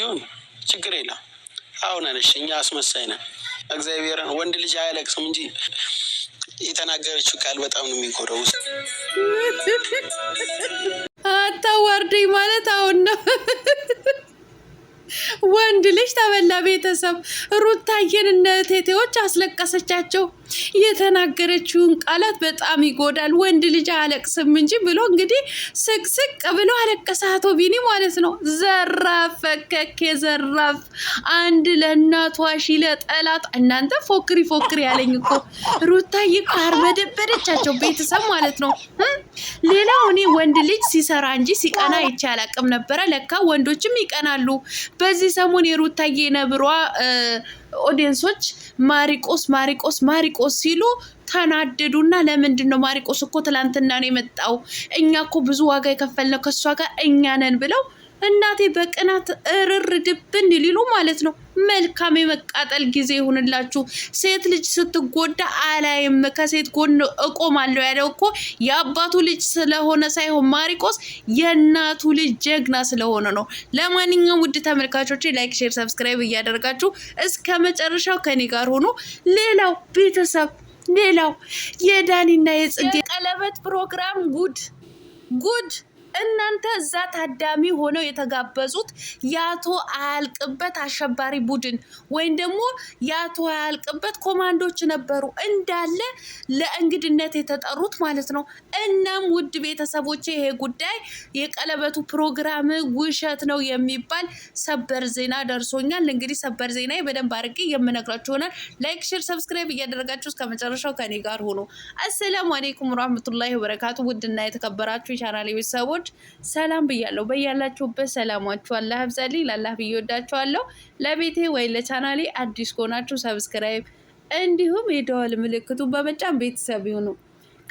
ይሁን ችግር የለም። አሁን አነሽ እኛ አስመሳይ ነን። እግዚአብሔርን ወንድ ልጅ አያለቅስም እንጂ የተናገረችው ቃል በጣም ነው የሚጎዳው። አታዋርደኝ ማለት አሁን ነው። ወንድ ልጅ ተበላ። ቤተሰብ ሩታዬን እነ ቴቴዎች አስለቀሰቻቸው። የተናገረችውን ቃላት በጣም ይጎዳል። ወንድ ልጅ አለቅስም እንጂ ብሎ እንግዲህ ስቅስቅ ብሎ አለቀሰ አቶ ቢኒ ማለት ነው። ዘራፍ ፈከክ የዘራፍ አንድ ለእናቷ ሺ ለጠላት እናንተ ፎክሪ ፎክሪ ያለኝ እኮ ሩታዬ ቃር ቤተሰብ ማለት ነው። ሌላው እኔ ወንድ ልጅ ሲሰራ እንጂ ሲቀና አይቼ አላቅም ነበረ። ለካ ወንዶችም ይቀናሉ። በዚህ ሰሞን የሩታዬ ነብሯ ኦዲየንሶች ማሪቆስ ማሪቆስ ማሪቆስ ሲሉ ተናደዱና ለምንድን ነው ማሪቆስ እኮ ትላንትና ነው የመጣው እኛ እኮ ብዙ ዋጋ የከፈልነው ከእሷ ጋር እኛ ነን ብለው እናቴ በቅናት እርር ድብን ሊሉ ማለት ነው። መልካም የመቃጠል ጊዜ ይሁንላችሁ። ሴት ልጅ ስትጎዳ አላይም፣ ከሴት ጎን እቆማለሁ ያለው እኮ የአባቱ ልጅ ስለሆነ ሳይሆን ማሪቆስ የእናቱ ልጅ ጀግና ስለሆነ ነው። ለማንኛውም ውድ ተመልካቾች ላይክ፣ ሼር፣ ሰብስክራይብ እያደረጋችሁ እስከ መጨረሻው ከኔ ጋር ሆኖ ሌላው ቤተሰብ ሌላው የዳኒና የጽጌ ቀለበት ፕሮግራም ጉድ ጉድ እናንተ እዛ ታዳሚ ሆነው የተጋበዙት የአቶ አያልቅበት አሸባሪ ቡድን ወይም ደግሞ የአቶ አያልቅበት ኮማንዶች ነበሩ እንዳለ ለእንግድነት የተጠሩት ማለት ነው። እናም ውድ ቤተሰቦች ይሄ ጉዳይ የቀለበቱ ፕሮግራም ውሸት ነው የሚባል ሰበር ዜና ደርሶኛል። እንግዲህ ሰበር ዜና በደንብ አድርጌ የምነግራችሁ ይሆናል። ላይክ፣ ሼር፣ ሰብስክራይብ እያደረጋችሁ እስከ መጨረሻው ከኔ ጋር ሆኖ አሰላሙ አሌይኩም ረመቱላ ወበረካቱ። ውድና የተከበራችሁ የቻናል ቤተሰቦች ቤተሰቦች ሰላም ብያለሁ። በያላችሁበት ሰላማችሁ አላህ ብዛልኝ። ላላህ ብዬ ወዳችኋለሁ። ለቤቴ ወይ ለቻናሌ አዲስ ከሆናችሁ ሰብስክራይብ እንዲሁም የደወል ምልክቱ በመጫን ቤተሰብ ይሁኑ።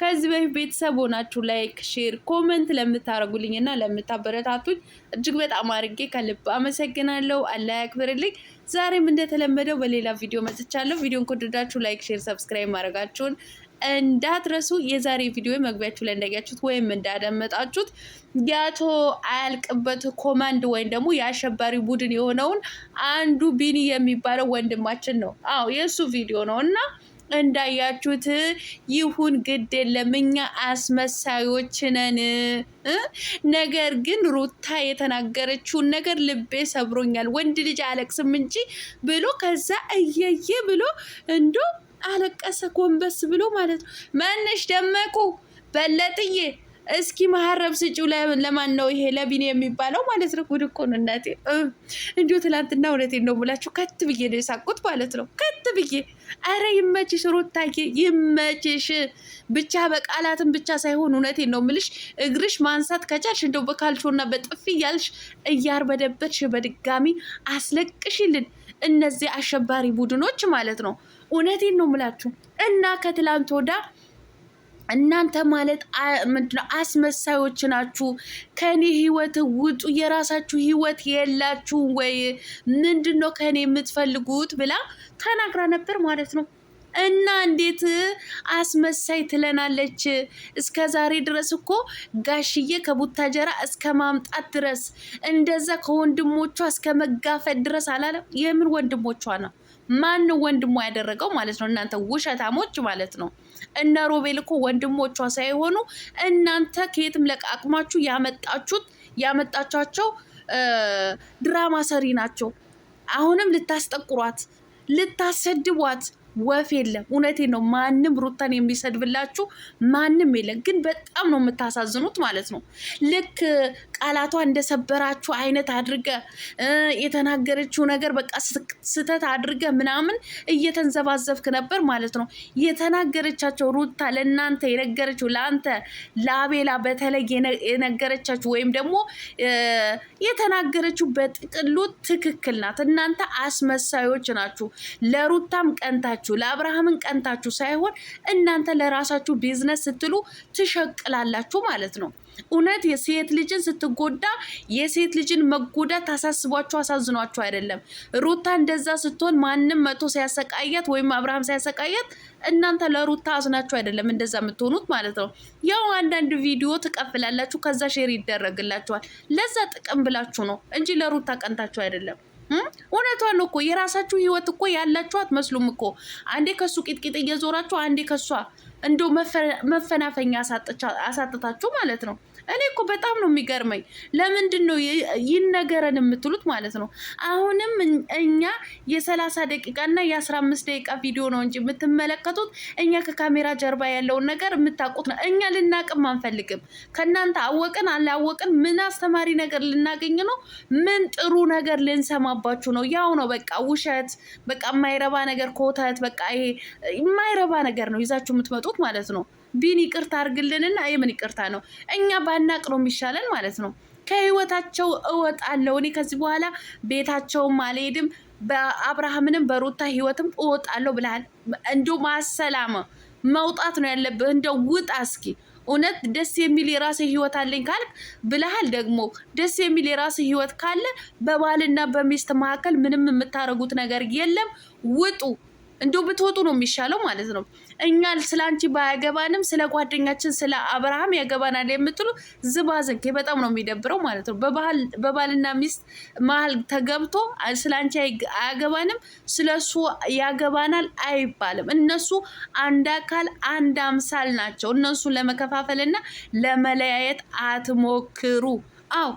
ከዚህ በፊት ቤተሰብ ሆናችሁ ላይክ፣ ሼር፣ ኮመንት ለምታደርጉልኝ እና ለምታበረታቱኝ እጅግ በጣም አድርጌ ከልብ አመሰግናለሁ። አላህ ያክብርልኝ። ዛሬም እንደተለመደው በሌላ ቪዲዮ መጥቻለሁ። ቪዲዮን ከወደዳችሁ ላይክ፣ ሼር፣ ሰብስክራይብ ማድረጋችሁን እንዳትረሱ። የዛሬ ቪዲዮ መግቢያችሁ ላይ እንዳያችሁት ወይም እንዳደመጣችሁት የአቶ አያልቅበት ኮማንድ ወይም ደግሞ የአሸባሪ ቡድን የሆነውን አንዱ ቢኒ የሚባለው ወንድማችን ነው። አዎ የእሱ ቪዲዮ ነው እና እንዳያችሁት ይሁን ግድ የለም እኛ አስመሳዮች ነን። ነገር ግን ሩታ የተናገረችውን ነገር ልቤ ሰብሮኛል። ወንድ ልጅ አለቅስም እንጂ ብሎ ከዛ እየየ ብሎ እንዶ አለቀሰ ጎንበስ ብሎ ማለት ነው። መንሽ ደመቁ በለጥዬ እስኪ መሀረብ ስጪው። ለማን ነው ይሄ? ለቢኔ የሚባለው ማለት ነው። ጉድ እኮ ነው እናቴ። እንዲሁ ትላንትና እውነቴን ነው ብላችሁ ከት ብዬ ነው የሳቁት ማለት ነው። ከት ብዬ አረ ይመችሽ ሩታዬ፣ ይመችሽ። ብቻ በቃላትን ብቻ ሳይሆን እውነቴ ነው ምልሽ፣ እግርሽ ማንሳት ከቻልሽ እንደው በካልቾና በጥፊ እያልሽ እያርበደበትሽ በድጋሚ አስለቅሽልን። እነዚህ አሸባሪ ቡድኖች ማለት ነው። እውነቴን ነው የምላችሁ እና ከትላንት ወዳ እናንተ ማለት ምንድነው አስመሳዮች ናችሁ። ከኔ ህይወት ውጡ፣ የራሳችሁ ህይወት የላችሁ ወይ? ምንድን ነው ከኔ የምትፈልጉት ብላ ተናግራ ነበር ማለት ነው። እና እንዴት አስመሳይ ትለናለች? እስከ ዛሬ ድረስ እኮ ጋሽዬ ከቡታጀራ እስከ ማምጣት ድረስ እንደዛ ከወንድሞቿ እስከ መጋፈጥ ድረስ አላለም። የምን ወንድሞቿ ነው? ማን ወንድሟ ያደረገው ማለት ነው? እናንተ ውሸታሞች ማለት ነው። እነ ሮቤል እኮ ወንድሞቿ ሳይሆኑ እናንተ ከየትም ለቃቅማችሁ ያመጣችሁት ያመጣቻቸው ድራማ ሰሪ ናቸው። አሁንም ልታስጠቁሯት፣ ልታሰድቧት ወፍ የለም። እውነቴ ነው። ማንም ሩታን የሚሰድብላችሁ ማንም የለም። ግን በጣም ነው የምታሳዝኑት ማለት ነው። ልክ ቃላቷ እንደሰበራችሁ አይነት አድርገ የተናገረችው ነገር በቃ ስህተት አድርገ ምናምን እየተንዘባዘብክ ነበር ማለት ነው። የተናገረቻቸው ሩታ ለእናንተ የነገረችው ለአንተ ለአቤላ በተለይ የነገረቻችሁ ወይም ደግሞ የተናገረችው በጥቅሉ ትክክል ናት። እናንተ አስመሳዮች ናችሁ። ለሩታም ቀንታችሁ ቀንታችሁ ለአብርሃምን ቀንታችሁ ሳይሆን እናንተ ለራሳችሁ ቢዝነስ ስትሉ ትሸቅላላችሁ ማለት ነው። እውነት የሴት ልጅን ስትጎዳ የሴት ልጅን መጎዳት አሳስቧችሁ አሳዝኗችሁ አይደለም። ሩታ እንደዛ ስትሆን ማንም መቶ ሲያሰቃያት ወይም አብርሃም ሲያሰቃያት እናንተ ለሩታ አዝናችሁ አይደለም እንደዛ የምትሆኑት ማለት ነው። ያው አንዳንድ ቪዲዮ ትቀፍላላችሁ፣ ከዛ ሼር ይደረግላችኋል። ለዛ ጥቅም ብላችሁ ነው እንጂ ለሩታ ቀንታችሁ አይደለም። እውነቷን ነው እኮ የራሳችሁ ህይወት እኮ ያላችሁ አትመስሉም እኮ። አንዴ ከሱ ቂጥቂጥ እየዞራችሁ፣ አንዴ ከሷ እንደው መፈናፈኛ አሳጥታችሁ ማለት ነው። እኔ እኮ በጣም ነው የሚገርመኝ። ለምንድን ነው ይነገረን የምትሉት ማለት ነው። አሁንም እኛ የሰላሳ ደቂቃ እና የአስራ አምስት ደቂቃ ቪዲዮ ነው እንጂ የምትመለከቱት እኛ ከካሜራ ጀርባ ያለውን ነገር የምታውቁት ነው። እኛ ልናቅም አንፈልግም። ከእናንተ አወቅን አላወቅን ምን አስተማሪ ነገር ልናገኝ ነው? ምን ጥሩ ነገር ልንሰማባችሁ ነው? ያው ነው በቃ ውሸት፣ በቃ የማይረባ ነገር ኮተት፣ በቃ ይሄ የማይረባ ነገር ነው ይዛችሁ የምትመጡት ማለት ነው። ቢን ይቅርታ አድርግልንና የምን ይቅርታ ነው? እኛ ባናቅ ነው የሚሻለን ማለት ነው። ከህይወታቸው እወጣለሁ እኔ ከዚህ በኋላ ቤታቸውም አልሄድም፣ በአብርሃምንም በሩታ ህይወትም እወጣለሁ ብለሃል። እንደው ማሰላመ መውጣት ነው ያለብህ። እንደው ውጣ እስኪ እውነት ደስ የሚል የራስ ህይወት አለኝ ካልክ ብለሃል። ደግሞ ደስ የሚል የራስ ህይወት ካለ በባልና በሚስት መካከል ምንም የምታደርጉት ነገር የለም። ውጡ። እንዲሁ ብትወጡ ነው የሚሻለው ማለት ነው። እኛ ስለ አንቺ ባያገባንም ስለ ጓደኛችን ስለ አብርሃም ያገባናል የምትሉ ዝባዝንኬ በጣም ነው የሚደብረው ማለት ነው። በባልና ሚስት መሀል ተገብቶ ስለ አንቺ አያገባንም ስለ እሱ ያገባናል አይባልም። እነሱ አንድ አካል አንድ አምሳል ናቸው። እነሱን ለመከፋፈልና ለመለያየት አትሞክሩ። አው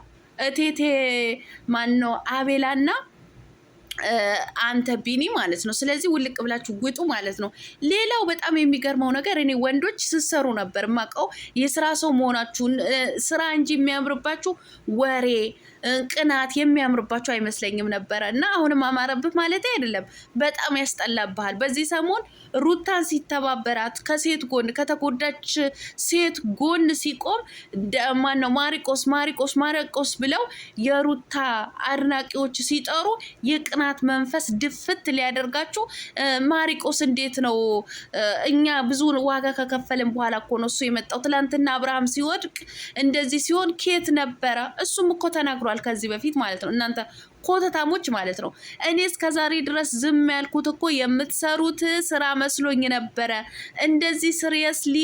እቴቴ ማን ነው አቤላና አንተ ቢኒ ማለት ነው። ስለዚህ ውልቅ ብላችሁ ውጡ ማለት ነው። ሌላው በጣም የሚገርመው ነገር እኔ ወንዶች ስሰሩ ነበር የማውቀው የስራ ሰው መሆናችሁን ስራ እንጂ የሚያምርባችሁ ወሬ ቅናት የሚያምርባቸው አይመስለኝም ነበረ እና አሁንም አማረብህ ማለት አይደለም። በጣም ያስጠላብሃል። በዚህ ሰሞን ሩታን ሲተባበራት ከሴት ጎን ከተጎዳች ሴት ጎን ሲቆም ማነው ማሪቆስ ማሪቆስ ማሪቆስ ብለው የሩታ አድናቂዎች ሲጠሩ የቅናት መንፈስ ድፍት ሊያደርጋችሁ ማሪቆስ እንዴት ነው? እኛ ብዙ ዋጋ ከከፈልን በኋላ እኮ ነው እሱ የመጣው። ትላንትና አብርሃም ሲወድቅ እንደዚህ ሲሆን ኬት ነበረ? እሱም እኮ ተናግሯል። ሞክሯል ከዚህ በፊት ማለት ነው። እናንተ ኮተታሞች ማለት ነው። እኔ እስከ ዛሬ ድረስ ዝም ያልኩት እኮ የምትሰሩት ስራ መስሎኝ ነበረ። እንደዚህ ስሪየስሊ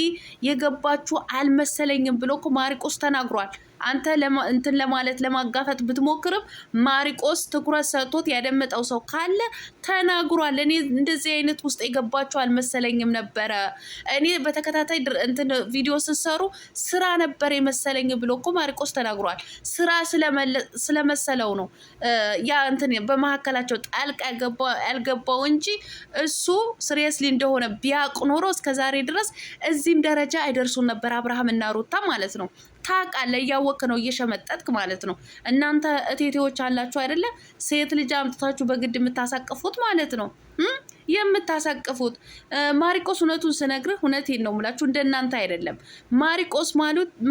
የገባችሁ አልመሰለኝም ብሎ እኮ ተናግሯል። አንተ እንትን ለማለት ለማጋፈጥ ብትሞክርም ማሪቆስ ትኩረት ሰጥቶት ያደመጠው ሰው ካለ ተናግሯል። እኔ እንደዚህ አይነት ውስጥ የገባቸው አልመሰለኝም ነበረ። እኔ በተከታታይ እንትን ቪዲዮ ስትሰሩ ስራ ነበር የመሰለኝ ብሎ እኮ ማሪቆስ ተናግሯል። ስራ ስለመሰለው ነው ያ እንትን በመካከላቸው ጣልቃ ያልገባው እንጂ እሱ ስሬስሊ እንደሆነ ቢያቅ ኖሮ እስከዛሬ ድረስ እዚህም ደረጃ አይደርሱም ነበር አብርሃም እና ሩታ ማለት ነው። ታውቃለህ፣ እያወቅ ነው እየሸመጠጥክ ማለት ነው። እናንተ እቴቴዎች አላችሁ አይደለ? ሴት ልጅ አምጥታችሁ በግድ የምታሳቅፉት ማለት ነው የምታሳቅፉት ማሪቆስ እውነቱን ስነግርህ እውነቴን ነው የምላችሁ፣ እንደናንተ አይደለም። ማሪቆስ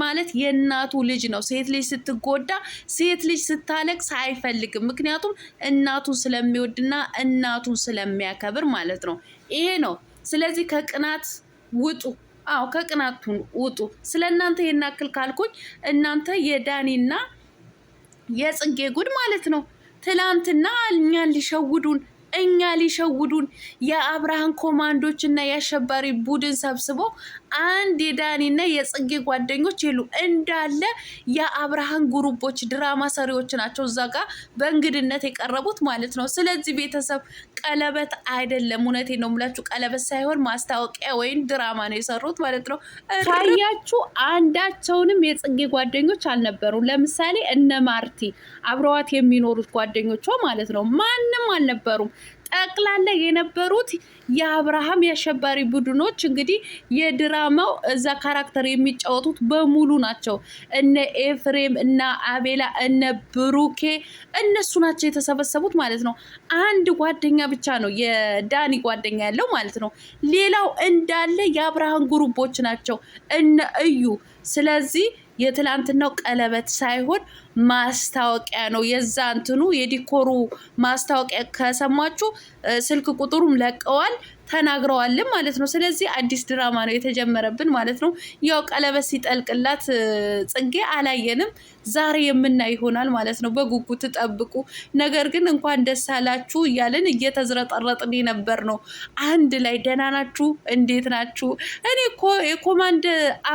ማለት የእናቱ ልጅ ነው። ሴት ልጅ ስትጎዳ፣ ሴት ልጅ ስታለቅስ አይፈልግም። ምክንያቱም እናቱን ስለሚወድና እናቱን ስለሚያከብር ማለት ነው። ይሄ ነው። ስለዚህ ከቅናት ውጡ። አዎ ከቅናቱን ውጡ። ስለ እናንተ ይሄን ካልኩኝ እናንተ የዳኒና የጽጌ ጉድ ማለት ነው። ትላንትና እኛን ሊሸውዱን እኛ ሊሸውዱን የአብርሃን ኮማንዶች እና የአሸባሪ ቡድን ሰብስቦ አንድ የዳኒና የጽጌ ጓደኞች የሉ እንዳለ የአብርሃን ጉሩቦች ድራማ ሰሪዎች ናቸው እዛ ጋር በእንግድነት የቀረቡት ማለት ነው። ስለዚህ ቤተሰብ ቀለበት አይደለም። እውነቴ ነው የምላችሁ ቀለበት ሳይሆን ማስታወቂያ ወይም ድራማ ነው የሰሩት ማለት ነው። ታያችሁ፣ አንዳቸውንም የጽጌ ጓደኞች አልነበሩ። ለምሳሌ እነ ማርቲ አብረዋት የሚኖሩት ጓደኞቿ ማለት ነው ማንም አልነበሩም። ጠቅላላ የነበሩት የአብርሃም የአሸባሪ ቡድኖች እንግዲህ የድራማው እዛ ካራክተር የሚጫወቱት በሙሉ ናቸው። እነ ኤፍሬም እና አቤላ እነ ብሩኬ እነሱ ናቸው የተሰበሰቡት ማለት ነው። አንድ ጓደኛ ብቻ ነው የዳኒ ጓደኛ ያለው ማለት ነው። ሌላው እንዳለ የአብርሃም ጉሩቦች ናቸው እነ እዩ። ስለዚህ የትላንትናው ቀለበት ሳይሆን ማስታወቂያ ነው። የዛ እንትኑ የዲኮሩ ማስታወቂያ ከሰማችሁ ስልክ ቁጥሩም ለቀዋል ተናግረዋልም ማለት ነው። ስለዚህ አዲስ ድራማ ነው የተጀመረብን ማለት ነው። ያው ቀለበት ሲጠልቅላት ጽጌ አላየንም፣ ዛሬ የምናይ ይሆናል ማለት ነው። በጉጉት ጠብቁ። ነገር ግን እንኳን ደስ አላችሁ እያልን እየተዝረጠረጥን ነበር ነው። አንድ ላይ ደህና ናችሁ? እንዴት ናችሁ? እኔ እኮ የኮማንድ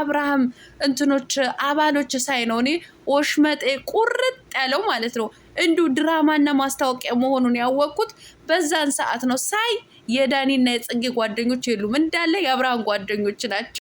አብርሃም እንትኖች አባሎች ሳይ ነው እኔ ወሽመጤ ቁርጥ ያለው ማለት ነው። እንዲሁ ድራማና ማስታወቂያ መሆኑን ያወቅኩት በዛን ሰዓት ነው። ሳይ የዳኒና የጽጌ ጓደኞች የሉም፣ እንዳለ የአብርሃን ጓደኞች ናቸው።